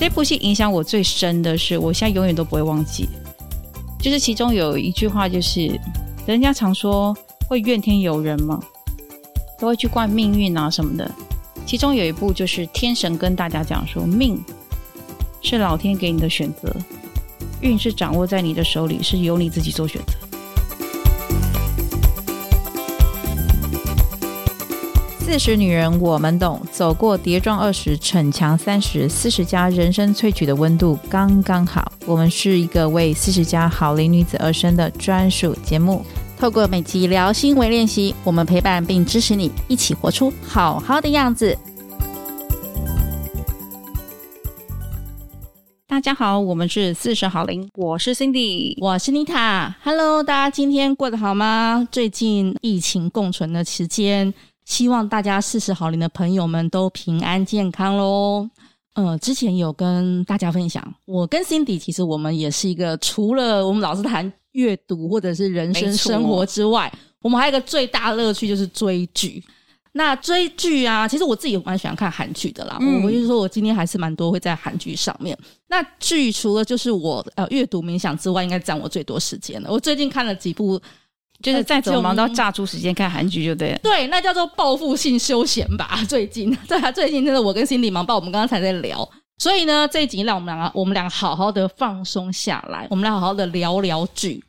這部戲影響我最深的是，我現在永遠都不會忘記，就是其中有一句話，就是人家常說會怨天尤人嘛，都會去怪命運啊什麼的。其中有一部就是天神跟大家講說，命是老天給你的選擇，運是掌握在你的手裡，是由你自己做選擇。四十女人，我們懂。走過跌撞二十，逞強三十，四十加人生萃取的溫度剛剛好。我們是一個為四十加好齡女子而生的專屬節目。透過每集聊心為練習，我們陪伴並支持你，一起活出好好的樣子。大家好，我們是四十好齡，我是 Cindy，我是 Nita。Hello，大家今天過得好嗎？最近疫情共存的時間。希望大家四十好年的朋友們都平安健康嘍。呃，之前有跟大家分享，我跟 Cindy，其實我們也是一個除了我們老是談閱讀或者是人生生活之外，哦、我們還有一個最大樂趣就是追劇。那追劇啊，其實我自己也蠻喜歡看韓劇的啦。嗯、我就是說我今天還是蠻多會在韓劇上面。那劇除了就是我呃閱讀冥想之外，應該佔我最多時間了。我最近看了幾部。就是再怎麼忙都要榨出時間看韓劇，就對了。 對，那叫做報復性休閒吧。最近，對啊，最近真的，我跟 Cindy 忙爆，我們剛剛才在聊。所以呢，這一集讓我們倆，我們倆好好的放鬆下來，我們來好好的聊聊劇。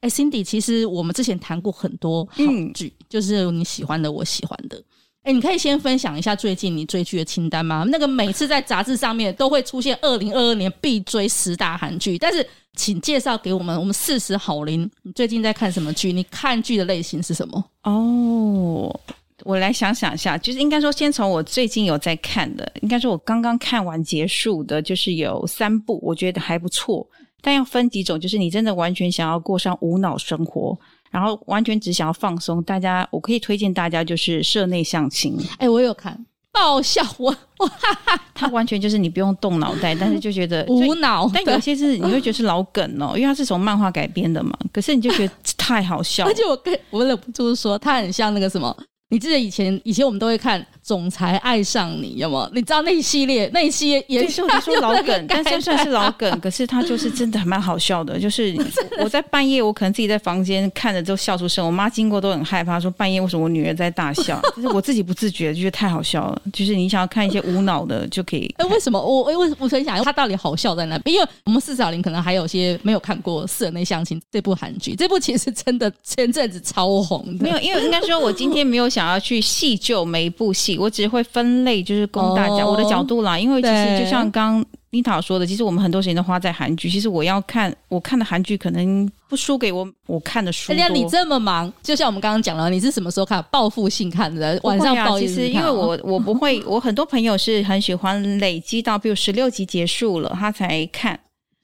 哎、欸、，Cindy，其實我們之前談過很多劇，嗯、就是你喜歡的，我喜歡的。哎，你可以先分享一下最近你追劇的清單嗎？那個每次在雜誌上面都會出現二零二二年必追十大韓劇，但是請介紹給我們，我們四十好齡。你最近在看什麼劇？你看劇的類型是什麼？哦，我來想想一下，就是應該說，先從我最近有在看的，應該說我剛剛看完結束的，就是有三部，我覺得還不錯，但要分幾種，就是你真的完全想要過上無腦生活。然後完全只想要放鬆，大家我可以推薦大家就是社內相親。哎、欸，我有看爆笑，我哈哈，他完全就是你不用動腦袋， 但是就覺得就無腦。但有些是你會覺得是老梗哦， 因為它是從漫畫改編的嘛，可是你就覺得太好笑。而且我跟，我忍不住說，他很像那個什麼，你記得以前，以前我們都會看。總裁愛上你有嗎？你知道那一系列那一系列也，就是說老梗，應該算是老梗，可是他就是真的還蠻好笑的。就是我在半夜，我可能自己在房間看着都笑出聲，我媽經過都很害怕，說半夜為什麼我女兒在大笑？ 就是我自己不自覺就覺、是、得太好笑了。就是你想要看一些無腦的就可以。哎、欸，為什麼我？哎、欸，我我很想，他到底好笑在哪？因為我們40好齡可能還有一些沒有看過《社內相親》這部韓劇，這部其實真的前陣子超紅的。沒有，因為應該說我今天沒有想要去細究每一部戲。我只會分類，就是供大家、oh, 我的角度啦。因為其實就像剛妮塔說的，對其實我們很多時間都花在韓劇。其實我要看我看的韓劇，可能不輸給我我看的書。那、哎、你這麼忙，就像我們剛剛講了，你是什麼時候看？報復性看的，哦、晚上報復性看。其實因為我我不會，我很多朋友是很喜歡累積到，比如十六集結束了他才看。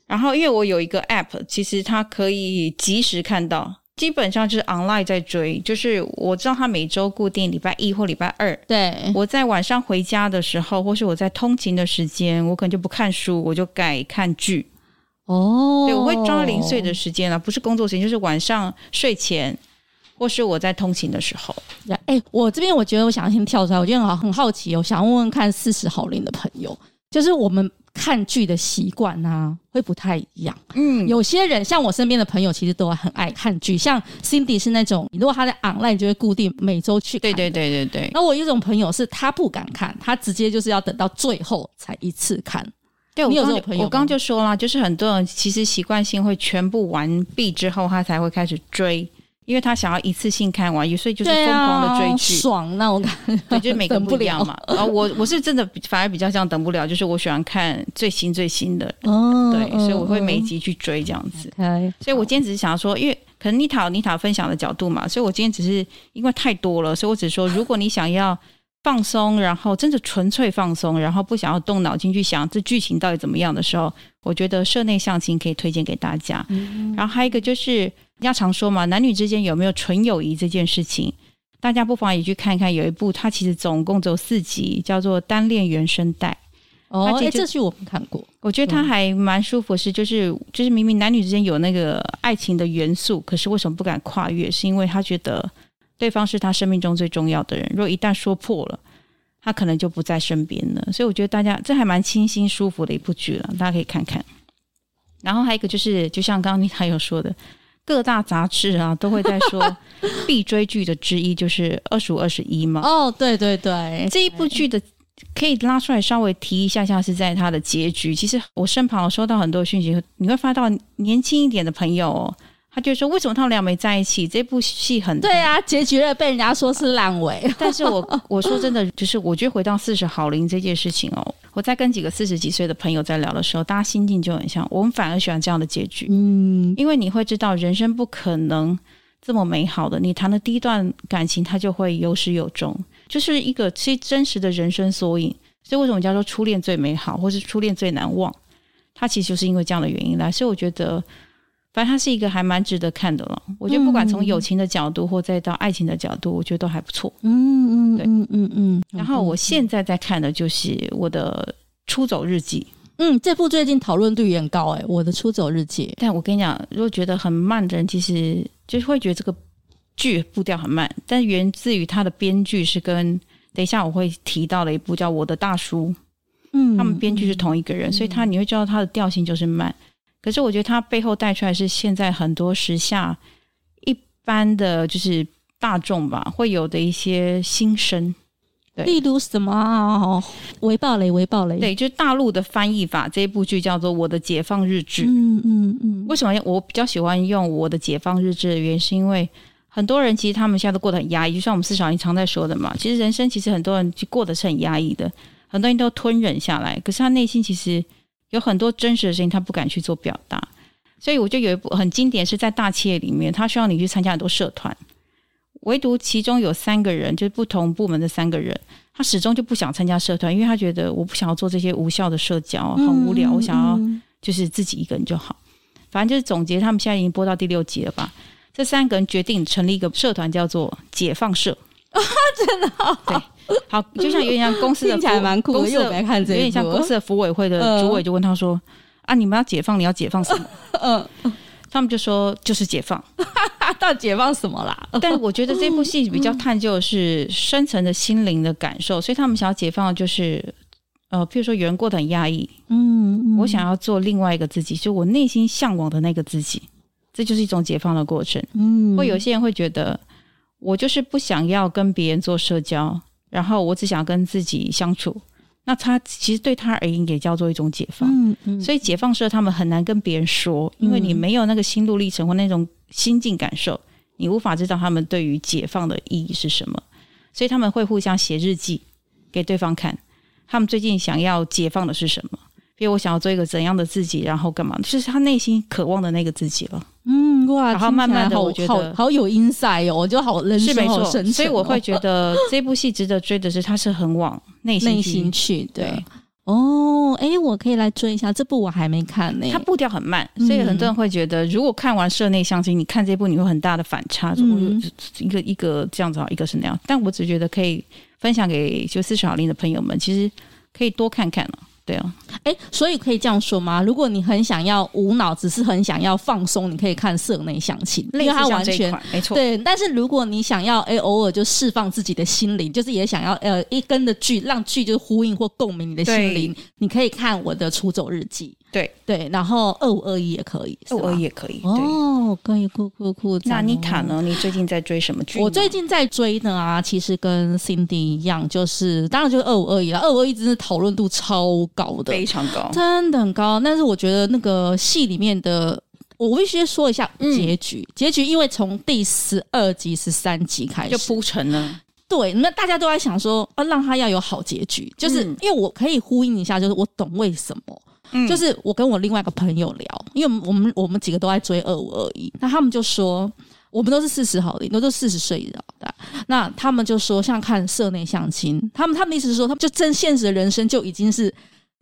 然後因為我有一個 app，其實他可以及時看到。基本上就是 online 在追，就是我知道他每周固定禮拜一或禮拜二，對，我在晚上回家的時候，或是我在通勤的時間，我可能就不看書，我就改看劇。哦，對，我會抓零碎的時間啊，不是工作時間，就是晚上睡前，或是我在通勤的時候。哎，我這邊我覺得我想要先跳出來，我覺得很好，很好奇哦，我想問問看四十好齡的朋友，就是我們。看劇的習慣呢，會不太一樣。嗯，有些人像我身邊的朋友，其實都很愛看劇。像 Cindy 是那種，如果他在 online 就會固定每周去看。對,對對對對對。那我有一種朋友是他不敢看，他直接就是要等到最後才一次看。對，我有這種朋友。我剛就說啦，就是很多人其實習慣性會全部完畢之後，他才會開始追。因為他想要一次性看完，所以就是瘋狂的追劇、啊，爽那我感覺。對，就是、每個不一樣嘛。後我不、 啊、我是真的反而比較像等不了，就是我喜歡看最新最新的。哦，對，嗯、所以我會每一集去追這樣子。嗯嗯、okay, 所以我今天只是想要說，因為可能妮塔妮塔分享的角度嘛，所以我今天只是因為太多了，所以我只說，如果你想要放鬆，然後真的純粹放鬆，然後不想要動腦筋去想這劇情到底怎麼樣的時候，我覺得社內相親可以推薦給大家。嗯、然後還有一個就是。人家常說嘛，男女之間有沒有純友誼這件事情，大家不妨也去看一看。有一部它其實總共只有四集，叫做《單戀原聲帶》。哦，哎，這劇我們看過，我覺得他還蠻舒服。是對，就是就是明明男女之間有那個愛情的元素，可是為什麼不敢跨越？是因為他覺得對方是他生命中最重要的人。如果一旦說破了，他可能就不在身邊了。所以我覺得大家這還蠻清新舒服的一部劇了，大家可以看看。然後還有一個就是，就像剛剛你他有說的。各大雜誌啊，都會在說必追劇的之一就是二十五二十一嘛。 哦，對對對，對，這一部劇的可以拉出來稍微提一下一下，是在他的結局。其實我身旁我收到很多訊息，你會發到年輕一點的朋友哦。他就說：“為什麼他們倆沒在一起？這部戲很……對啊，結局了被人家說是爛尾。 但是我我說真的，就是我覺得回到四十好齡這件事情哦，我在跟幾個四十幾歲的朋友在聊的時候，大家心境就很像。我們反而喜歡這樣的結局，嗯，因為你會知道人生不可能這麼美好的，你談的第一段感情，它就會有始有終，就是一個其實真實的人生縮影。所以為什麼叫做初戀最美好，或是初戀最難忘？它其實就是因為這樣的原因啦。所以我覺得。”反正他是一個還蠻值得看的了，我覺得不管從友情的角度，或再到愛情的角度，嗯、我覺得都還不錯，嗯對嗯。嗯嗯，對，嗯嗯嗯。然後我現在在看的就是我的《出走日記》。嗯，這部最近討論度也很高誒、欸，《我的出走日記》，但我跟你講，如果覺得很慢的人，其實就是會覺得這個劇步調很慢。但源自於他的編劇是跟等一下我會提到的一部叫《我的大叔》，嗯，他們編劇是同一個人，嗯，所以他你會知道他的調性就是慢。可是我覺得它背後帶出來是現在很多時下一般的就是大眾吧，會有的一些心聲，對，例如什麼“微暴雷，微暴雷”，對，就是大陸的翻譯法，這一部劇叫做《我的解放日誌》。嗯。嗯嗯嗯。為什麼我比較喜歡用《我的解放日誌》的原因，是因為很多人其實他們現在都過得很壓抑，就像我們四十好齡常在說的嘛。其實人生其實很多人就過得是很壓抑的，很多人都吞忍下來，可是他內心其實有很多真實的事情，他不敢去做表達，所以我就有一部很經典，是在大企業裡面，他需要你去參加很多社團，唯獨其中有三個人，就是不同部門的三個人，他始終就不想參加社團，因為他覺得我不想要做這些無效的社交，很無聊，我想要就是自己一個人就好。反正就是總結，他們現在已經播到第六集了吧？這三個人決定成立一個社團，叫做解放社。啊， 真的、哦、對，好，就像有點像公司的，聽起來蠻酷的。公司的又沒看這個，有點像公司的服委會的主委就問他說：“呃、啊，你們要解放？你要解放什麼？”嗯、呃，呃呃、他們就說：“就是解放， 到解放什麼啦？”但我覺得這部戲比較探究的是深層的心靈的感受，所以他們想要解放的就是呃，譬如說有人過得很壓抑、嗯，嗯，我想要做另外一個自己，就我內心嚮往的那個自己，這就是一種解放的過程。嗯，會有些人會覺得。我就是不想要跟別人做社交，然後我只想跟自己相處。那他其實對他而言也叫做一種解放。嗯嗯。所以解放社他們很難跟別人說，因為你沒有那個心路歷程或那種心境感受，你無法知道他們對於解放的意義是什麼。所以他們會互相寫日記給對方看，他們最近想要解放的是什麼？比如我想要做一個怎樣的自己，然後幹嘛？就是他內心渴望的那個自己了。嗯哇，然後慢慢的我覺得好，好，好有 insight 哦，我就好認識好神奇、哦，所以我會覺得這部戲值得追的是，它是很往內心去。對哦，誒、欸，我可以來追一下這部我還沒看呢、欸。它步調很慢，所以很多人會覺得，如果看完《社內相親》，你看這部，你會很大的反差，就一個、嗯、哼一個這樣子，一個是那樣。但我只覺得可以分享給就四十好齡的朋友們，其實可以多看看了。對啊，哎，所以可以這樣說嗎？如果你很想要無腦，只是很想要放鬆，你可以看社內相親，似因為它完全沒錯。對，但是如果你想要哎、欸，偶爾就釋放自己的心靈，就是也想要呃一根的劇，讓劇就呼應或共鳴你的心靈，對你可以看我的出走日記。對對，然後二五二一也可以，二五二一也可以。對哦，可以酷酷酷！哦、那妮塔呢？你最近在追什麼劇？我最近在追呢啊，其實跟 Cindy 一樣，就是當然就是二五二一了，二五二一真的討論度超高的，非常高，真的很高。但是我覺得那個戲裡面的，我必須說一下結局，嗯、結局因為從第十二集、十三集開始就鋪陳了。對，那大家都在想說，呃，讓他要有好結局，就是、嗯、因為我可以呼應一下，就是我懂為什麼。嗯、就是我跟我另外一個朋友聊，因為我們我們，我們幾個都在追二五二一，那他們就說我們都是四十好齡，你都是四十歲以上的，那他們就說像看社內相親，他們他們意思是說，他們就真現實的人生就已經是。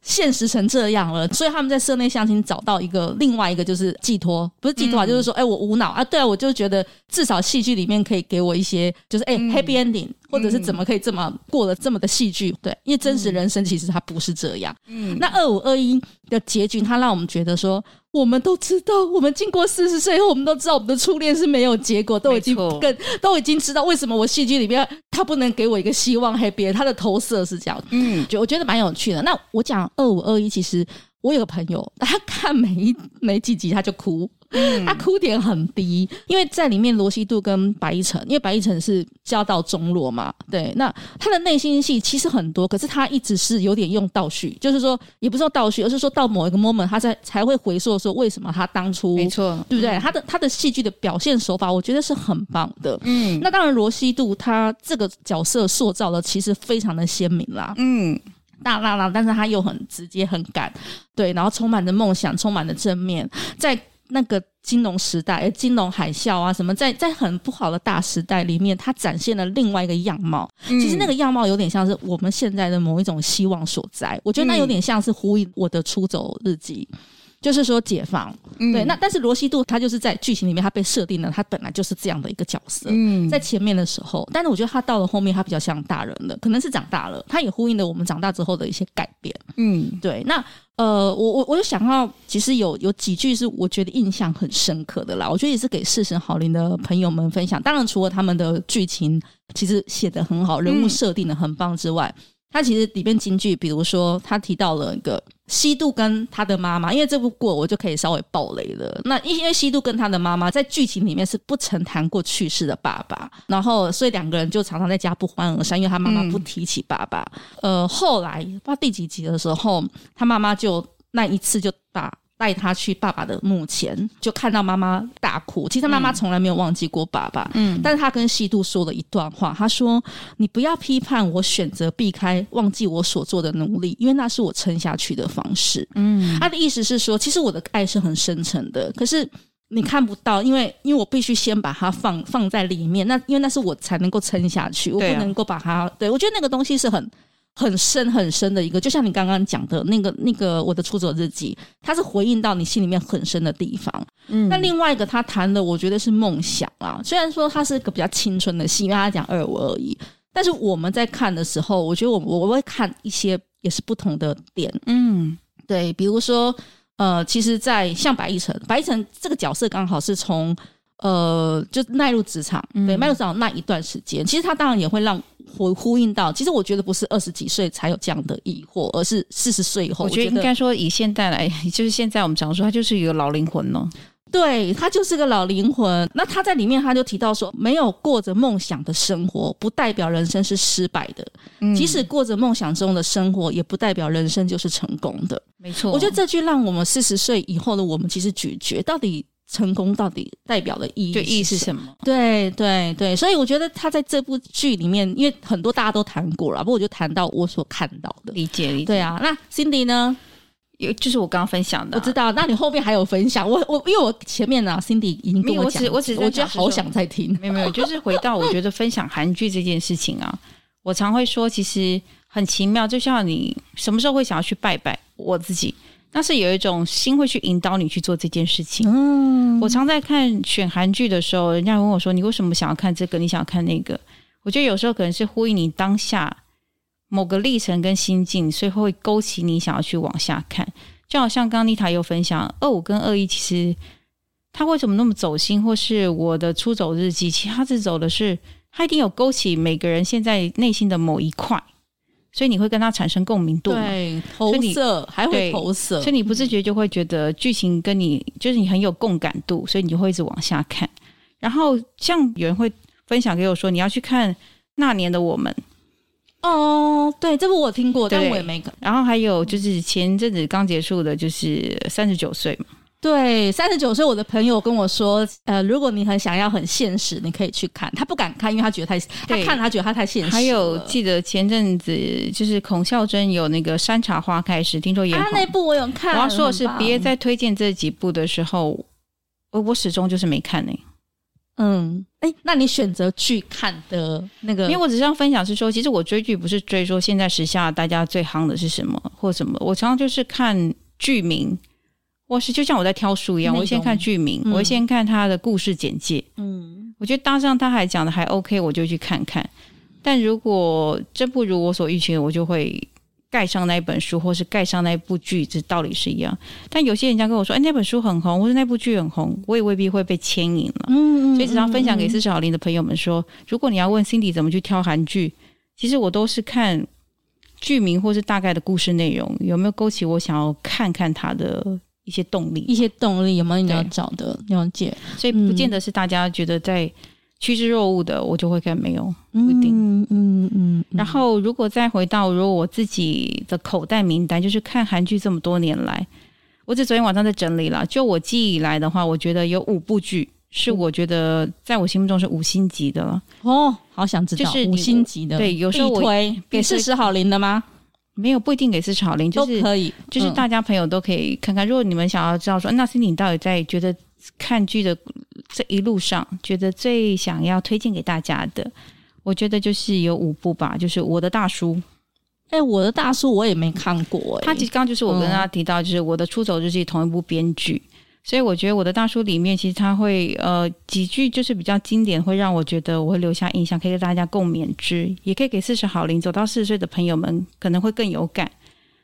現實成這樣了，所以他們在社內相親找到一個另外一個就是寄托，不是寄托啊，嗯、就是說，哎、欸，我無腦啊，對啊，我就覺得至少戲劇裡面可以給我一些，就是哎、欸嗯，happy ending，或者是怎麼可以這麼過了這麼的戲劇，對，因為真實人生其實它不是這樣。嗯，那二五二一。的結局，他讓我們覺得說，我們都知道，我們經過四十歲後，我們都知道我們的初戀是沒有結果，都已經跟，錯都已經知道為什麼我戲劇裡邊他不能給我一個希望，還有別的，他的投射是這樣。嗯，就我覺得蠻有趣的。那我講二五二一，其實。我有個朋友，他看每一每幾集他就哭，嗯、他哭點很低，因為在裡面羅希度跟白易辰，因為白易辰是家道中落嘛，對，那他的內心戲其實很多，可是他一直是有點用倒敘，就是說，也不是倒敘，而是說到某一個 moment，他在才會回溯說為什麼他當初沒錯錯，對不對？嗯、他的他的戲劇的表現手法，我覺得是很棒的，嗯，那當然羅希度他這個角色塑造的其實非常的鮮明啦，嗯。大浪，但是他又很直接、很敢，對，然後充滿着夢想，充滿著正面，在那個金融時代，誒金融海嘯啊，什麼，在在很不好的大時代裡面，他展現了另外一個樣貌。嗯、其實那個樣貌有點像是我們現在的某一種希望所在。我覺得那有點像是呼應我的《出走日記》嗯。就是說解放，對，嗯、那但是羅希度他就是在劇情裡面他被設定了，他本來就是這樣的一個角色，嗯，在前面的時候，但是我覺得他到了後面他比較像大人了，可能是長大了，他也呼應了我們長大之後的一些改變。嗯，對，那呃，我我我就想到，其實有有幾句是我覺得印象很深刻的啦，我覺得也是給四十好齡的朋友們分享。當然，除了他們的劇情其實寫得很好，人物設定的很棒之外。嗯他其實裡面金句，比如說他提到了一個希度跟他的媽媽，因為這部過我就可以稍微暴雷了。那因為希度跟他的媽媽在劇情裡面是不曾談過去世的爸爸，然後所以兩個人就常常在家不歡而散，因為他媽媽不提起爸爸。嗯、呃，後來不知道第幾集的時候，他媽媽就那一次就打。帶他去爸爸的墓前，就看到媽媽大哭。其實媽媽從來沒有忘記過爸爸。嗯，嗯，但是她跟希度說了一段話，她說：“你不要批判我選擇避開、忘記我所做的努力，因為那是我撐下去的方式。”嗯，她、啊、的意思是說，其實我的愛是很深沉的，可是你看不到，因為因為我必須先把它放放在裡面，那因為那是我才能夠撐下去，我不能夠把它。對、啊、對，我覺得那個東西是很。很深很深的一個，就像你剛剛講的那個那個我的出走日記，它是回應到你心裡面很深的地方。嗯，那另外一個他談的，我覺得是夢想啊。雖然說他是一個比較青春的戲，因為他講二五二一，但是我們在看的時候，我覺得我我會看一些也是不同的點。嗯，對，比如說呃，其實，在像白易辰，白易辰這個角色剛好是從呃，就邁入職場，嗯、對，邁入職場那一段時間，其實他當然也會讓。我呼應到，其實我覺得不是二十幾歲才有這樣的疑惑，而是四十歲以後。我覺得應該說以現在來，就是現在我們常說他就是一個老靈魂了、哦。對他就是個老靈魂。那他在裡面他就提到說，沒有過着夢想的生活，不代表人生是失敗的；嗯、即使過着夢想中的生活，也不代表人生就是成功的。沒錯，我覺得這句讓我們四十歲以後的我們其實咀嚼到底。成功到底代表的意義？就意義是什麼？對對對，所以我覺得他在這部劇裡面，因為很多大家都談過了，不過我就談到我所看到的，理解理解。理解對啊，那 Cindy 呢？有就是我剛剛分享的、啊，我知道。那你後面還有分享？我我因為我前面呢、啊、Cindy 已經跟我講，我只是我只是我覺得好想再聽。沒有沒有，就是回到我覺得分享韓劇這件事情啊， 我常會說，其實很奇妙。就像你什麼時候會想要去拜拜我自己？但是有一種心會去引導你去做這件事情。嗯，我常在看選韓劇的時候，人家問我說：“你為什麼想要看這個？你想要看那個？”我覺得有時候可能是呼應你當下某個歷程跟心境，所以會勾起你想要去往下看。就好像剛剛妮塔有分享，《二五》跟《二一》其實他為什麼那麼走心，或是我的《出走日記》，其實他是走的是他一定有勾起每個人現在內心的某一塊。所以你會跟他產生共鳴度嘛。對，投射還會投射，所以你不自覺就會覺得劇情跟你就是你很有共感度，所以你就會一直往下看。然後像有人會分享給我說，你要去看《那年的我們》。哦，對，這部我聽過，對但我也沒看。然後還有就是前陣子剛結束的，就是《三十九歲》嘛。對，三十九歲，我的朋友跟我說，呃，如果你很想要很現實，你可以去看。他不敢看，因為他覺得太，對他看他覺得他太現實。還有，記得前陣子就是孔孝真有那個《山茶花開時》聽說也、啊。他那部我有看。我要說的是別再推薦這幾部的時候，棒我我始終就是沒看呢、欸。嗯，哎、欸，那你選擇去看的那個，因為我只是要分享是說，其實我追劇不是追說現在時下大家最夯的是什麼或什麼，我常常就是看劇名。我是就像我在挑書一樣，種我會先看劇名，嗯、我會先看他的故事簡介。嗯，我覺得搭上他還講的還 OK，我就去看看。但如果真不如我所預期的，我就會蓋上那一本書，或是蓋上那一部劇。這道理是一樣。但有些人家跟我說：“哎、欸，那本書很紅，或是那部劇很紅。”我也未必會被牽引了、啊。嗯嗯，嗯，嗯嗯。所以只要分享給四十好齡的朋友們說：“如果你要問 Cindy 怎麼去挑韓劇，其實我都是看劇名或是大概的故事內容有沒有勾起我想要看看他的。”一些動力，一些動力，有沒有你要找的？對了解，所以不見得是大家覺得在趨之若鶩的，我就會更沒有不定嗯。嗯嗯嗯嗯。嗯然後，如果再回到，如果我自己的口袋名單，就是看韓劇這麼多年來，我這昨天晚上在整理了。就我記憶以來的話，我覺得有五部劇是我覺得在我心目中是五星級的了。哦，好想知道就是五星級的。對，有時候我推給四十好齡的嗎？沒有不一定給市場好就是，可以，嗯、就是大家朋友都可以看看。如果你們想要知道說，那是、嗯、你到底在覺得看劇的這一路上，覺得最想要推薦給大家的，我覺得就是有五部吧，就是我的大叔、欸《我的大叔》。哎，《我的大叔》我也沒看過、欸。他其實剛剛就是我跟他提到，嗯、就是《我的出走日記》同一部編劇。所以我覺得我的大叔裡面，其實他會呃幾句就是比較經典，會讓我覺得我會留下印象，可以跟大家共勉之，也可以給四十好齡走到四十歲的朋友們可能會更有感。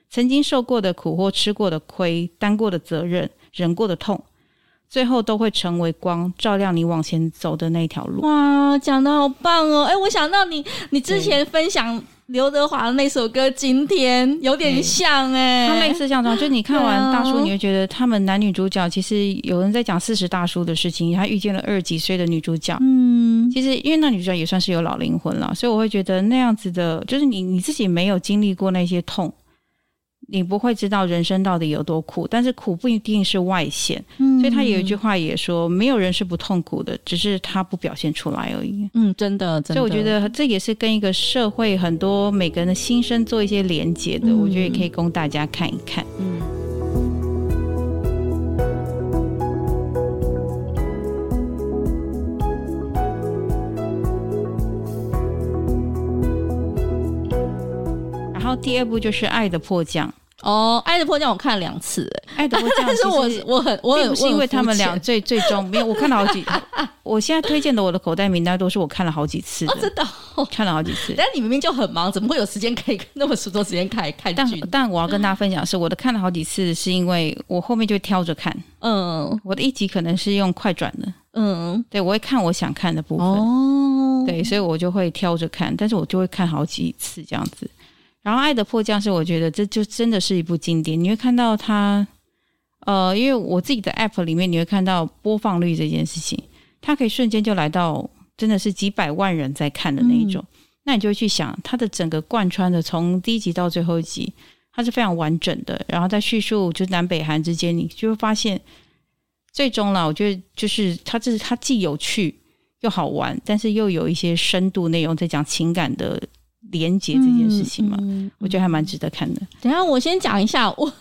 曾經受過的苦或吃過的虧，擔過的責任，忍過的痛，最後都會成為光，照亮你往前走的那一條路。哇，講得好棒哦！哎，我想到你，你之前分享。劉德華的那首歌今天有點像，哎、欸，嗯，他類似像這樣，就你看完大叔，你會覺得他們男女主角其實有人在講四十大叔的事情，他遇見了二十幾歲的女主角。嗯，其實因為那女主角也算是有老靈魂了，所以我會覺得那樣子的，就是你你自己沒有經歷過那些痛，你不會知道人生到底有多苦，但是苦不一定是外顯，嗯、所以他有一句話也說，沒有人是不痛苦的，只是他不表現出來而已。嗯，真的，真的。所以我覺得這也是跟一個社會很多每個人的心聲做一些連接的，我覺得也可以供大家看一看。嗯。嗯，然後第二部就是愛的迫降。哦，愛的迫降我看了兩次，哎，愛的迫降這樣，但是我我很我很是因為他們倆最最終，沒有。我看了好幾，我現在推薦的我的口袋名單都是我看了好幾次，真的看了好幾次。但你明明就很忙，怎麼會有時間可以那麼許多時間看看劇？但但我要跟大家分享是，我的看了好幾次，是因為我後面就挑着看，嗯，我的一集可能是用快轉的，嗯，對我會看我想看的部分，哦，對，所以我就會挑着看，但是我就會看好幾次這樣子。然後，《愛的迫降》是我覺得這就真的是一部經典。你會看到它，呃，因為我自己的 App 裡面，你會看到播放率這件事情，它可以瞬間就來到真的是幾百萬人在看的那一種。嗯、那你就會去想，它的整個貫穿的從第一集到最後一集，它是非常完整的。然後在敘述，就南北韓之間，你就會發現，最終了，我覺得就是它、就是，這是它既有趣又好玩，但是又有一些深度內容在講情感的。連結這件事情嘛，嗯嗯嗯、我覺得還蠻值得看的。等下我先講一下，我《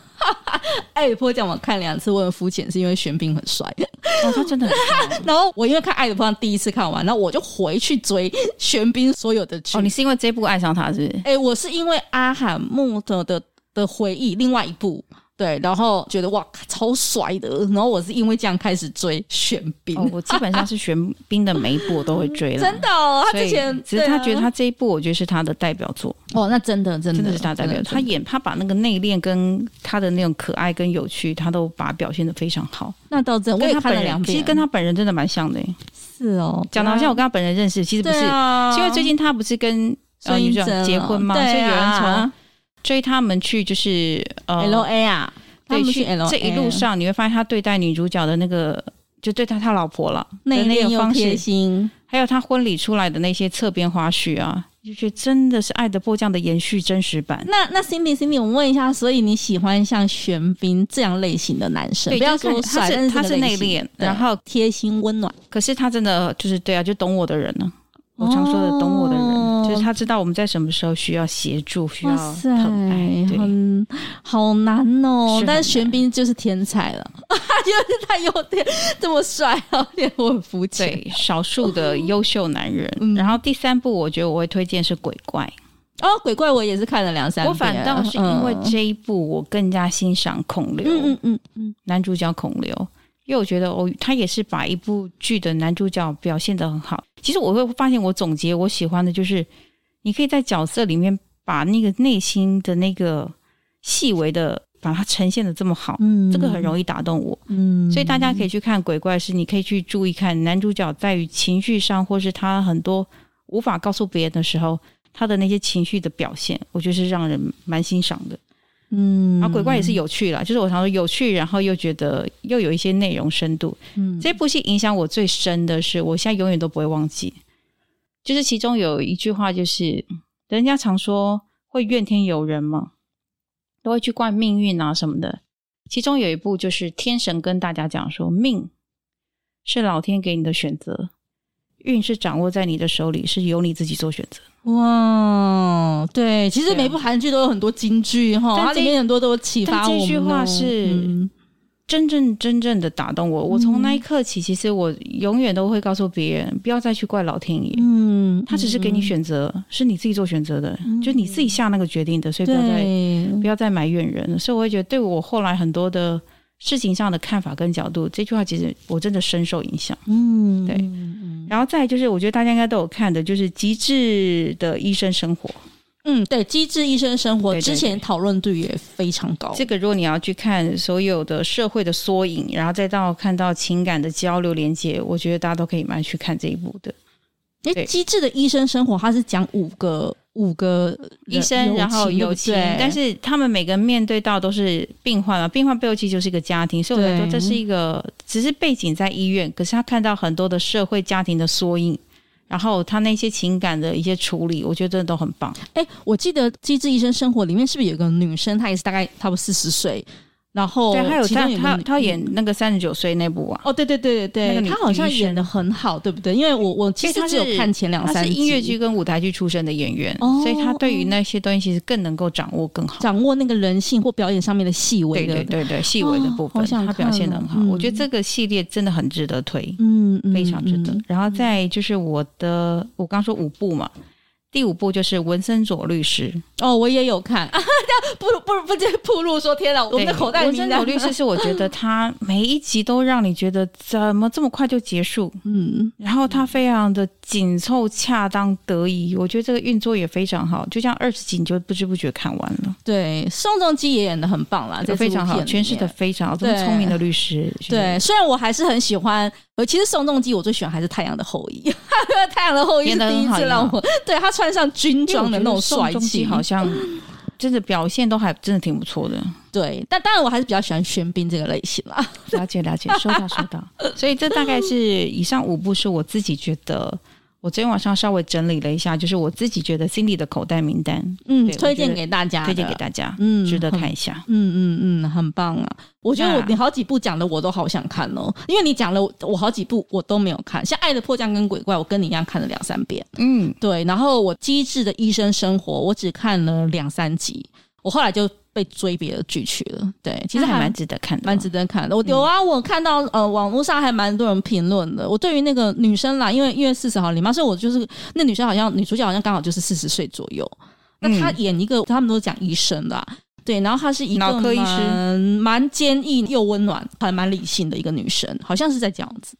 愛的迫降》，我看兩次，我， 次我很膚淺，是因為玄彬很帥，我說、啊、他真的很帥。 然後我因為看《愛的迫降》第一次看完，然後我就回去追玄彬所有的劇。哦，你是因為這一部愛上他是，不是？哎、欸，我是因為《阿罕布拉宮的的的回憶》，另外一部。對，然後覺得哇，超帥的。然後我是因為這樣開始追玄彬，我基本上是玄彬的每一部我都會追了。真的哦，他之前只是他覺得他這一部，我覺得是他的代表作。哦，那真的，真的真的是他的代表作。他演，他把那個內斂跟他的那種可愛跟有趣，他都把表現得非常好。那倒真，跟他本其實跟他本人真的蠻像的。是哦，講得好像我跟他本人認識，其實不是，因為最近他不是跟孫藝珍結婚嗎？所以有人從。所以他們去就是呃，L A 啊，對他們去 L A 這一路上你會發現他對待女主角的那個，就對待他，他老婆了，內斂又貼心，還有他婚禮出來的那些側邊花絮啊，就覺得真的是《愛的迫降》的延續真實版。那那 Cindy Cindy，我們問一下，所以你喜歡像玄彬這樣類型的男生？對不要說帥，他是內斂，對然後貼心溫暖，可是他真的就是對啊，就懂我的人呢、啊。我常說的懂我的人，哦、就是他知道我們在什麼時候需要協助，塞需要疼愛，很對，好難哦。是很難但是玄彬就是天才了，就 是他有點這麼帥，有點我很服氣。對，少數的優秀男人。哦、然後第三部，我覺得我會推薦是鬼怪、哦《鬼怪》哦，《鬼怪》我也是看了兩三遍，我反倒是因為這一部我更加欣賞孔劉、嗯，嗯嗯嗯，男主角孔劉。因為我覺得哦，他也是把一部劇的男主角表現得很好。其實我會發現，我總結我喜歡的就是，你可以在角色裡面把那個內心的那個細微的，把它呈現的這麼好，嗯，這個很容易打動我，嗯。所以大家可以去看《鬼怪》，是你可以去注意看男主角在於情緒上，或是他很多無法告訴別人的時候，他的那些情緒的表現，我覺得是讓人蠻欣賞的。嗯啊，啊鬼怪也是有趣啦，就是我常說有趣，然後又覺得又有一些內容深度。嗯，這部戲影響我最深的是，我現在永遠都不會忘記，就是其中有一句話，就是人家常說會怨天尤人嘛，都會去怪命運啊什麼的。其中有一部就是天神跟大家講說，命是老天給你的選擇。運是掌握在你的手裡，是由你自己做選擇。哇，對，其實每部韓劇都有很多金句哈、啊哦，它裡面很多都啟發我們、哦、這句話是真正真正的打動我。嗯、我從那一刻起，其實我永遠都會告訴別人，不要再去怪老天爺。嗯，他只是給你選擇，嗯、是你自己做選擇的，嗯、就你自己下那個決定的，所以不要再對、嗯、不要再埋怨人。所以我會覺得，對我後來很多的。事情上的看法跟角度，這句話其實我真的深受影響。嗯，對。然後再就是，我覺得大家應該都有看的，就是《機智的醫生生活》。嗯，對，《機智醫生生活》，對對對，之前討論度也非常高。這個如果你要去看所有的社會的縮影，然後再到看到情感的交流連接，我覺得大家都可以蠻去看這一部的。誒，欸《機智的醫生生活》它是講五個。五個醫生，情然後友情，對但是他們每個面對到都是病患嘛，病患背後其實就是一個家庭，所以我覺得這是一個，對只是背景在醫院，可是他看到很多的社會家庭的縮影，然後他那些情感的一些處理，我覺得真的都很棒。誒、欸，我記得《機智醫生生活》裡面是不是有個女生，她也是大概差不多四十歲？然後，對，還有他有他他演那個三十九歲那部啊，哦，對對對對對，他好像演的很好，對不對？因為我我其實他只有看前兩三，他是音樂劇跟舞台劇出身的演員，哦、所以他對於那些東西是更能夠掌握更好，嗯、掌握那個人性或表演上面的細微的，對對對，對對，細微的部分、哦、他表現的很好。嗯、我覺得這個系列真的很值得推，嗯，嗯非常值得。然後再就是我的，我剛，剛說五部嘛。第五部就是《文森佐律師》哦，我也有看，不、啊、不不，這鋪路說，天哪，我們的口袋裡面。文森佐律師是我覺得他每一集都讓你覺得怎麼這麼快就結束，嗯，然後他非常的緊湊、恰當、得宜，我覺得這個運作也非常好，就像二十集你就不知不覺看完了。對，宋仲基也演的很棒啦，就非常好，詮釋的非常好，這麼聰明的律師。對，員對，雖然我還是很喜歡，我其實宋仲基我最喜歡還是太陽的後裔，哈哈，《太陽的後裔》，《太陽的後裔》第一次讓我對他穿。穿上軍裝的那種帥氣，好像真的表現都還真的挺不錯的。對，但當然我還是比較喜歡玄彬這個類型啦。了解了解，收到收到。 所以這大概是以上五部是我自己覺得。我昨天晚上稍微整理了一下，就是我自己覺得心蒂的口袋名單，嗯，對推，薦推薦給大家，推薦給大家，嗯，值得看一下，嗯嗯嗯，很棒啊！我覺得我、啊、你好幾部講的我都好想看哦，因為你講了我，我好幾部我都沒有看，像《愛的迫降》跟《鬼怪》，我跟你一樣看了兩三遍，嗯，對，然後我《機智的醫生生活》我只看了兩三集，我後來就。被追別的劇去了，對，其實還蠻值得看，蠻值得看的。我有啊，我看到呃，網絡上還蠻多人評論的。我對於那個女生啦，因為因為四十好齡嘛，所以我就是那女生好像女主角好像剛好就是四十歲左右。那她演一個，嗯、他們都講醫生啦，對，然後她是一個蠻蠻堅毅又溫暖，還蠻理性的一個女生，好像是在這樣子。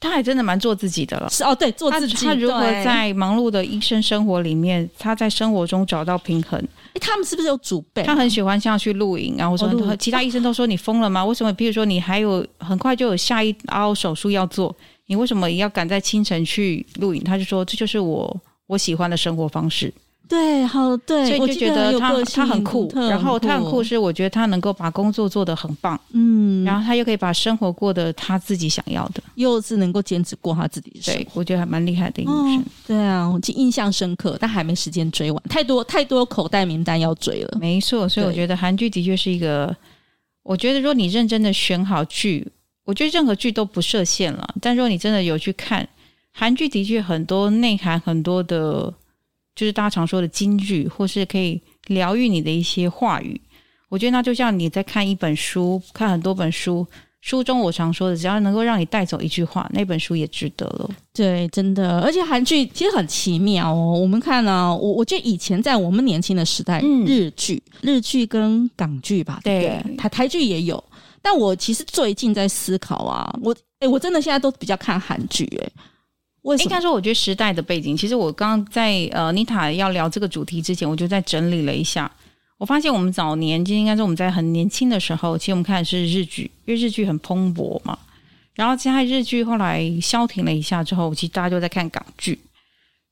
他還真的蠻做自己的了，是哦，對，做自己。他，他如何在忙碌的醫生生活裡面，對他在生活中找到平衡？誒，他們是不是有祖輩、啊？他很喜歡像去露營、啊，然後說、哦、其他醫生都說，你瘋了嗎？為什麼？比如說你還有很快就有下一台手術要做，你為什麼也要趕在清晨去露營？他就說，這就是我我喜歡的生活方式。對，好，對，我就覺得他得很他，他很酷，很酷，然後他很酷是我覺得他能夠把工作做得很棒，嗯，然後他又可以把生活過得他自己想要的，又是能夠堅持過他自己的，對我覺得還蠻厲害的女生。哦、對啊，我記得印象深刻，但還沒時間追完，太多太多口袋名單要追了。沒錯，所以我覺得韓劇的確是一個，對我覺得如果你認真的選好劇，我覺得任何劇都不設限了。但如果你真的有去看韓劇，的確很多內涵，很多的。就是大家常說的金句，或是可以療癒你的一些話語。我覺得那就像你在看一本書，看很多本書，書中我常說的，只要能夠讓你帶走一句話，那本書也值得了。對，真的。而且韓劇其實很奇妙哦。我們看呢、啊，我我記得以前在我們年輕的時代，嗯、日劇、日劇跟港劇吧，對，台台劇也有。但我其實最近在思考啊，我哎、欸，我真的現在都比較看韓劇、欸，哎。應該說，我覺得時代的背景，其實我剛剛在呃，妮塔要聊這個主題之前，我就在整理了一下。我發現我們早年，今天應該說我們在很年輕的時候，其實我們看的是日劇，因為日劇很蓬勃嘛。然後其他日劇後來消停了一下之後，其實大家就在看港劇。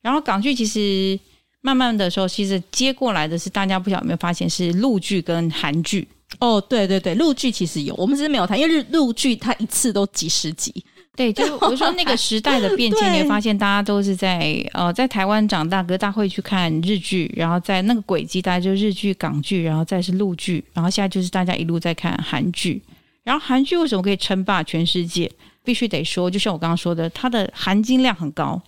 然後港劇其實慢慢的時候，其實接過來的是大家不曉得有沒有發現是陸劇跟韓劇。哦，對對對，陸劇其實有，我們只是沒有談，因為日陸劇它一次都幾十集。對，就是我說那個時代的變遷，對你會發現大家都是在呃，在台灣長大，哥，大會去看日劇，然後在那個軌跡，大家就是日劇、港劇，然後再是陸劇，然後現在就是大家一路在看韓劇。然後韓劇為什麼可以稱霸全世界？必須得說，就像我剛剛說的，它的含金量很高，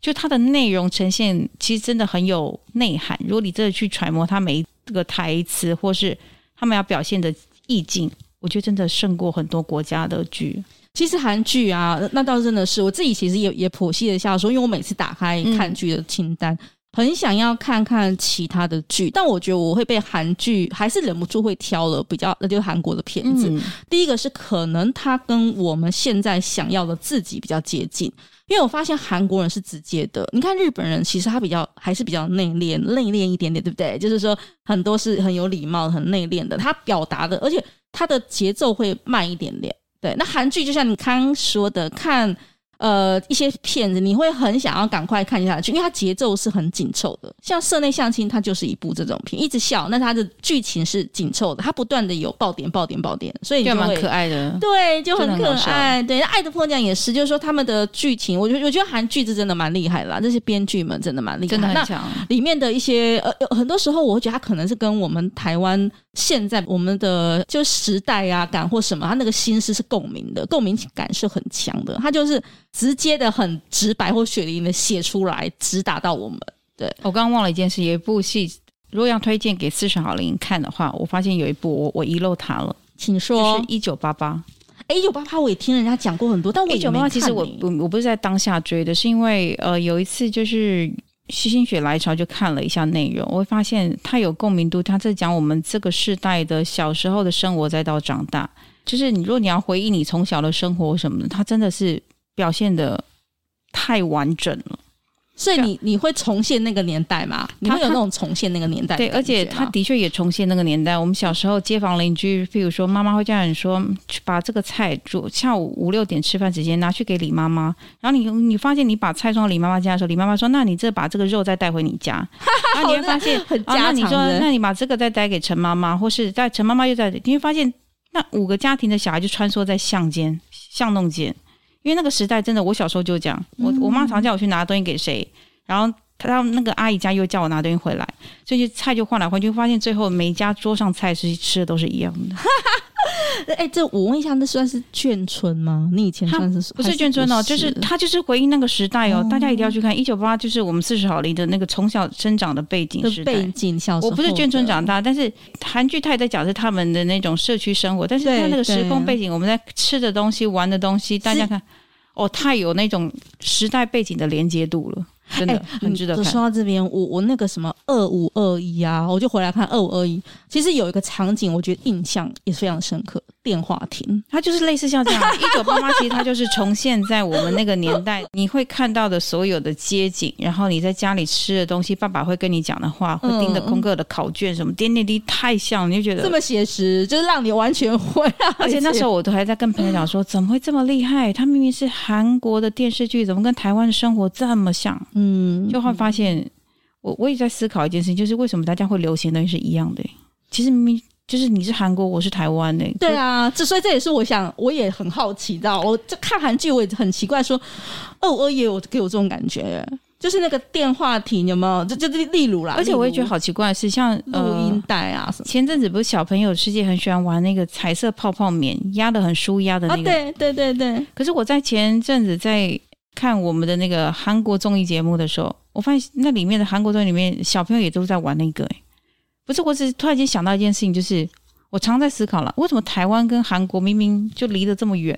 就它的內容呈現其實真的很有內涵。如果你真的去揣摩它每一個台詞，或是他們要表現的意境，我覺得真的勝過很多國家的劇。其實韓劇啊，那倒真的是我自己其實也也剖析了一下說，說因為我每次打開看劇的清單，嗯、很想要看看其他的劇，但我覺得我會被韓劇還是忍不住會挑了比較，那就是韓國的片子。嗯、第一個是可能他跟我們現在想要的自己比較接近，因為我發現韓國人是直接的，你看日本人其實他比較還是比較內斂，內斂一點點，對不對？就是說很多是很有禮貌、很內斂的，他表達的，而且他的節奏會慢一點點。對，那韓劇就像你剛說的，看呃一些片子，你會很想要趕快看下去，因為它節奏是很緊湊的。像《社內相親》，它就是一部這種片，一直笑，那它的劇情是緊湊的，它不斷的有爆點、爆點、爆點，所以你就，就蠻可愛的。對，就很可愛。對，《愛的迫降》也是，就是說他們的劇情，我覺得我覺得韓劇是真的蠻厲害的啦，這些編劇們真的蠻厲害，真的很強。那裡面的一些呃，有很多時候我會覺得它可能是跟我們台灣。現在我們的就是時代啊感或什麼，他那個心思是共鳴的，共鳴感是很強的。他就是直接的、很直白或血淋淋的寫出來，直達到我們。對，我剛剛忘了一件事，有一部戲如果要推薦給四十好齡看的話，我發現有一部我我遺漏它了。請說。是一九八八，哎，一九八八我也聽人家講過很多，但我沒、欸。其實我我我不是在當下追的，是因為呃有一次就是。心血來潮就看了一下內容，我會發現它有共鳴度。他在講我們這個世代的小時候的生活，再到長大，就是你如果你要回憶你從小的生活什麼的，它真的是表現的太完整了。所以你你會重現那個年代嗎？它你會有，有那種重現那個年代？對，而且他的確也重現那個年代。我們小時候街坊鄰居，譬如說，媽媽會叫你說，把這個菜煮，下午五六點吃飯時間拿去給李媽媽。然後你你發現你把菜送到李媽媽家的時候，李媽媽說：“那你這把這個肉再帶回你家。哈哈哈哈”然後你會發現那很家常、哦，那你說，那你把這個再帶給陳媽媽，或是在陳媽媽又在，你會發現那五個家庭的小孩就穿梭在巷間巷弄間。因為那個時代真的，我小時候就這樣，嗯、我我媽常叫我去拿東西給誰，然後到那個阿姨家又叫我拿東西回來，這些菜就換來換去，發現最後每一家桌上菜是吃的都是一樣的。 哎、 欸，這我問一下，那算是眷村嗎？你以前算是不是眷村哦？是是就是他就是回應那個時代哦，哦大家一定要去看《一九八八》，就是我們四十好齡的那個從小生長的背景時背景小時候。我不是眷村長大，但是韓劇它也在講是他們的那種社區生活，但是它那個時空背景，我們在吃的東西、啊、玩的東西，大家看是哦，太有那種時代背景的連接度了。真的、欸、很值得看。說到這邊，我我那個什麼二五二一啊，我就回來看二五二一。其實有一個場景，我覺得印象也非常深刻，電話亭。它就是類似像這樣， 一九八八，其實它就是重現在我們那個年代， 你會看到的所有的街景，然後你在家裡吃的東西，爸爸會跟你講的話，會盯着功課的考卷什麼，嗯、點點滴滴，太像了，你就覺得這麼寫實，就是讓你完全會。而且那時候我都還在跟朋友講說，嗯、怎麼會這麼厲害？它明明是韓國的電視劇，怎麼跟台灣的生活這麼像？嗯，就會發現，嗯、我我也在思考一件事情，就是為什麼大家會流行的東西是一樣的、欸？其實，就是你是韓國，我是台灣的、欸，對啊，這是所以這也是我想，我也很好奇的。我就看韓劇，我也很奇怪說，說哦，我也有給我這種感覺、欸，就是那個電話亭有沒有？就就是例如啦，而且我也覺得好奇怪的是，像錄音帶啊什麼，前陣子不是小朋友世界很喜歡玩那個彩色泡泡棉，壓得很舒壓的那個、啊，對對對對。可是我在前陣子在。看我們的那個韓國綜藝節目的時候，我發現那裡面的韓國綜藝裡面小朋友也都在玩那個誒。不是，我是突然間想到一件事情，就是我常在思考了，為什麼台灣跟韓國明明就離得這麼遠？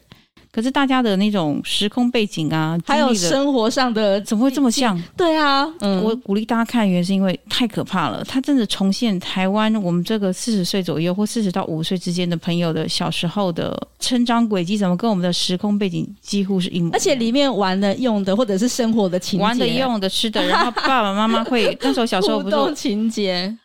可是大家的那種時空背景啊，還有生活上的，怎麼會這麼像？對啊，嗯，我鼓勵大家看，原是因為太可怕了。它真的重現台灣我們這個四十歲左右或四十到五十歲之間的朋友的小時候的成長軌跡，怎麼跟我們的時空背景幾乎是一模？而且裡面玩的、用的，或者是生活的情，玩的、用的、吃的，然後爸爸媽媽會 那時候小時候互動情節，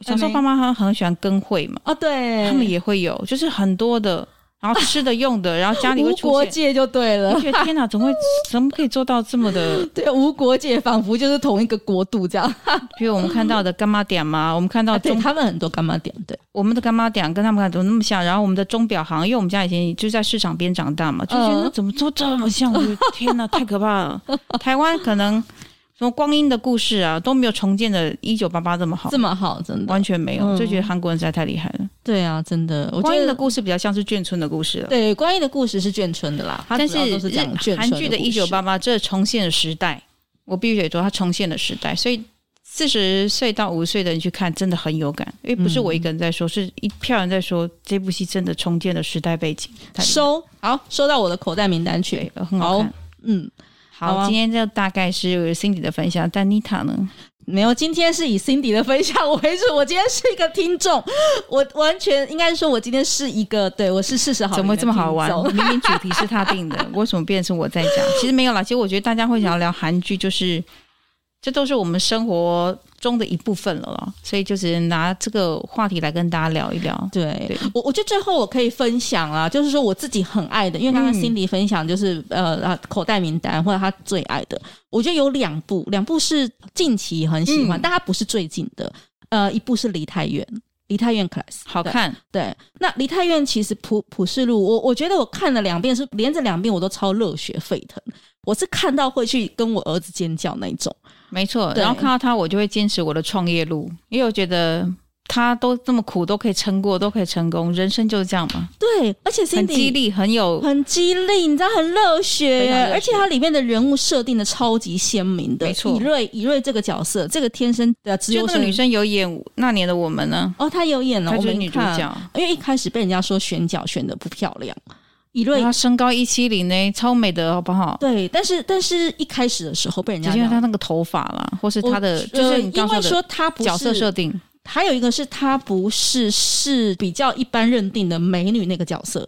小時候爸媽好像很喜歡跟會嘛？哦，對，他們也會有，就是很多的。然後吃的用的，啊、然後家裡會出現無國界就對了。我覺得天吶，怎麼會？ 怎麼可以做到這麼的？對，無國界，仿佛就是同一個國度這樣。 比如我們看到的柑仔店嘛，我們看到、啊、對他們很多柑仔店，對我們的柑仔店跟他們看怎麼那麼像？然後我們的鐘錶行，因為我們家以前就在市場邊長大嘛，就覺得怎麼做這麼像？嗯、我覺得天哪，太可怕了！ 台灣可能。什麼光陰的故事啊，都沒有重建的《一九八八》這麼好，啊，這麼好，真的完全沒有，嗯、就覺得韓國人實在太厲害了。對啊，真的。我覺得光陰的故事比較像是眷村的故事了。對，光陰的故事是眷村的啦，但是韓劇的一九八八這重現了時代，我必須得說，它重現了時代。所以四十歲到五十歲的人去看，真的很有感。因為不是我一個人在說，嗯、是一票人在說，這部戲真的重建了時代背景。收好，收到我的口袋名單去，很好看。好，嗯。好，好啊，今天就大概是 Cindy 的分享，但 Nita 呢？沒有，今天是以 Cindy 的分享為主。我今天是一個聽眾，我完全應該是說，我今天是一個，對，我是四十好。怎麼這麼好玩？ 明明主題是他定的， 為什麼變成我在講？其實沒有啦，其實我覺得大家會想要聊韓劇，就是。嗯這都是我們生活中的一部分了，所以就是拿這個話題來跟大家聊一聊。對，對我，我覺得最後我可以分享啊，就是說我自己很愛的，因為剛剛、嗯、心里分享就是呃，口袋名單或者他最愛的，我覺得有兩部，兩部是近期很喜歡，嗯、但它不是最近的。呃，一部是梨泰院《梨泰院》，《梨泰院》class 好看對。對，那《梨泰院》其實普普世路，我我覺得我看了兩遍是連着兩遍，我都超熱血沸騰，我是看到會去跟我兒子尖叫那一種。沒錯，然後看到他，我就會堅持我的創業路，對因為我覺得他都這麼苦，都可以撐過，都可以成功，人生就是這樣嘛。對，而且心蒂，很激勵，很有很激勵，你知道很，很熱血，而且它裡面的人物設定的超級鮮明的。沒錯錯，以瑞，以瑞這個角色，這個天生的只有那個女生有演《那年的我們》呢？哦，她有演了，女主我們角，因為一開始被人家說選角選的不漂亮。她身高一七零誒，超美的好不好？對，但是但是一開始的時候被人家，是因為她那個頭髮啦，或是她的，哦、就是才因為說她不是角色設定，還有一個是她不是是比較一般認定的美女那個角色。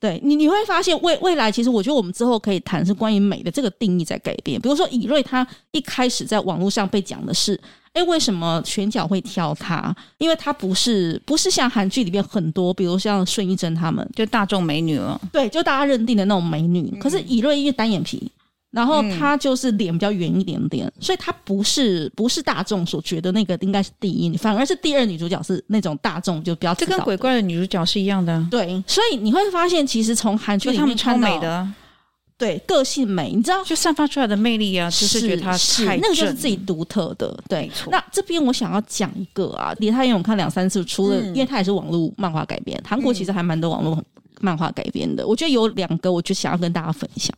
對你你會發現未未來其實我覺得我們之後可以談是關於美的這個定義在改變，比如說以瑞她一開始在網絡上被講的是，哎為什麼選角會挑她？因為她不是不是像韓劇裡面很多，比如像孫藝珍她們就大眾美女了，嗯、對，就大家認定的那種美女。可是以瑞一個單眼皮。然後她就是臉比較圓一點點，嗯、所以她不是不是大眾所覺得那個應該是第一，反而是第二女主角是那種大眾就比較。這跟鬼怪的女主角是一樣的。對，所以你會發現，其實從韓劇裡面看他們穿的，對個性美，你知道，就散發出來的魅力啊，就是覺得她太是是那個就是自己獨特的。對，錯那這邊我想要講一個啊，梨泰院我看兩三次，除了、嗯、因為他也是網絡漫畫改編，韓國其實還蠻多網絡漫畫改編的。嗯、我覺得有兩個，我就想要跟大家分享。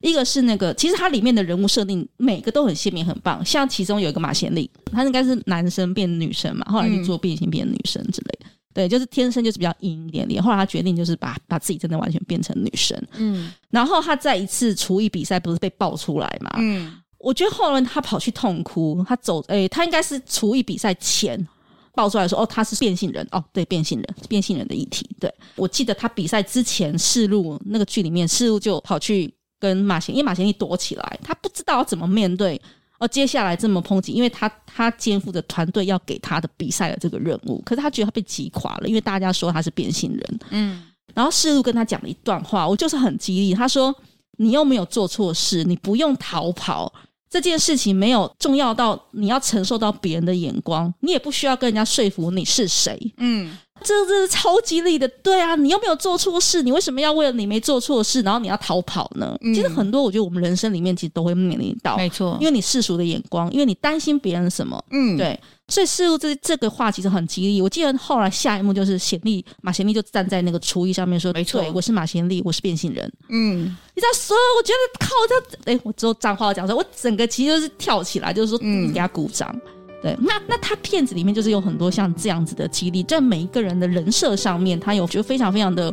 一個是那個，其實它裡面的人物設定每個都很鮮明、很棒。像其中有一個馬賢麗，他應該是男生變女生嘛，後來就做變性變女生之類的。嗯、對，就是天生就是比較陰一點點，後來他決定就是把把自己真的完全變成女生。嗯，然後他在一次廚藝比賽不是被爆出來嘛？嗯，我覺得後來他跑去痛哭，他走，誒、欸，他應該是廚藝比賽前爆出來說，哦，他是變性人。哦，對，變性人，變性人的議題。對。我記得他比賽之前試錄那個劇裡面試錄就跑去。跟馬賢義，因為馬賢義躲起來，他不知道要怎麼面對，而接下來這麼抨擊，因為他他肩負着團隊要給他的比賽的這個任務，可是他覺得他被擊垮了，因為大家說他是變性人，嗯，然後世路跟他講了一段話，我就是很激勵，他說你又沒有做錯事，你不用逃跑，這件事情沒有重要到你要承受到別人的眼光，你也不需要跟人家說服你是誰，嗯。這這是超激勵的，對啊，你又沒有做錯事，你為什麼要為了你沒做錯事，然後你要逃跑呢？嗯、其實很多，我覺得我們人生裡面其實都會面臨到，沒錯錯，因為你世俗的眼光，因為你擔心別人什麼，嗯，對，所以似乎這這個話其實很激勵。我記得後來下一幕就是賢麗，馬賢麗就站在那個廚藝上面說：“沒錯錯，我是馬賢麗，我是變性人。”嗯，你知道所有我覺得靠，這、欸、哎，我就髒話講出來，我整個其實就是跳起來，就是說，嗯，給他鼓掌。嗯對，那那他片子裡面就是有很多像這樣子的激勵，在每一個人的人設上面，他有就非常非常的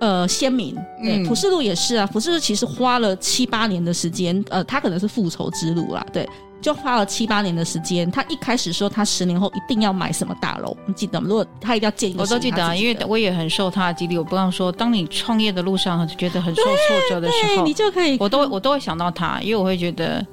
呃鮮明。對嗯，普世路也是啊，普世路其實花了七八年的時間，呃，他可能是復仇之路啦，對，就花了七八年的時間。他一開始說他十年後一定要買什麼大樓，你記得嗎？如果他一定要建一個，我都記得啊，因為我也很受他的激勵。我不知道說，當你創業的路上覺得很受挫折的時候，你就可以，我都我都會想到他，因為我會覺得。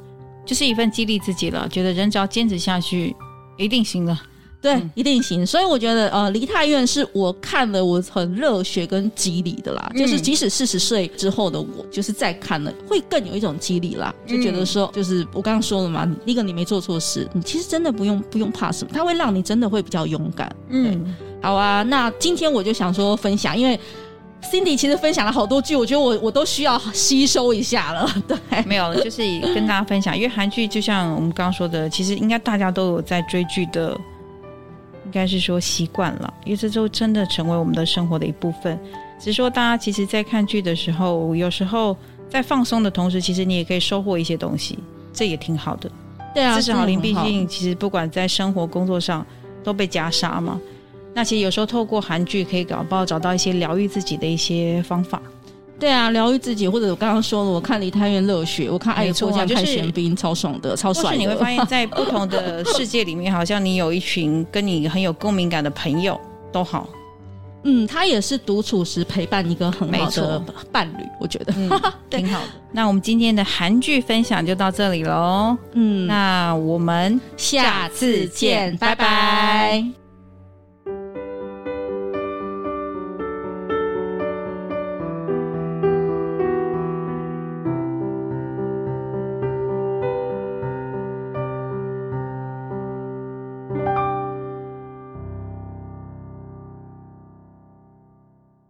就是一份激勵自己了，覺得人只要堅持下去，一定行的。對，嗯、一定行。所以我覺得，呃，離太遠梨泰院是我看了我很熱血跟激勵的啦。嗯、就是即使四十歲之後的我，就是再看了，會更有一種激勵啦。就覺得說，嗯、就是我剛剛說了嘛，一個你沒做錯事，你其實真的不用不用怕什麼，它會讓你真的會比較勇敢。嗯，好啊。那今天我就想說分享，因為。Cindy 其實分享了好多劇，我覺得我我都需要吸收一下了。對，沒有，就是跟大家分享，因為韓劇就像我們剛剛說的，其實應該大家都有在追劇的，應該是說習慣了，因為這都真的成為我們的生活的一部分。只是說大家其實，在看劇的時候，有時候在放鬆的同時，其實你也可以收穫一些東西，這也挺好的。對啊，這識好靈，畢竟、嗯、其實不管在生活、工作上都被夾殺嘛。那其實有時候透過韓劇可以搞不好找到一些療癒自己的一些方法。對啊，療癒自己，或者我剛剛說了，我看《梨泰院樂血》，我看《愛的迫降》，就是玄彬超爽的，超帥的，但是你會發現在不同的世界裡面，好像你有一群跟你很有共鳴感的朋友都好。嗯，他也是獨處時陪伴一個很好的伴侶，我覺得嗯，挺好的。那我們今天的韓劇分享就到這裡嘍。嗯，那我們下次見，拜拜。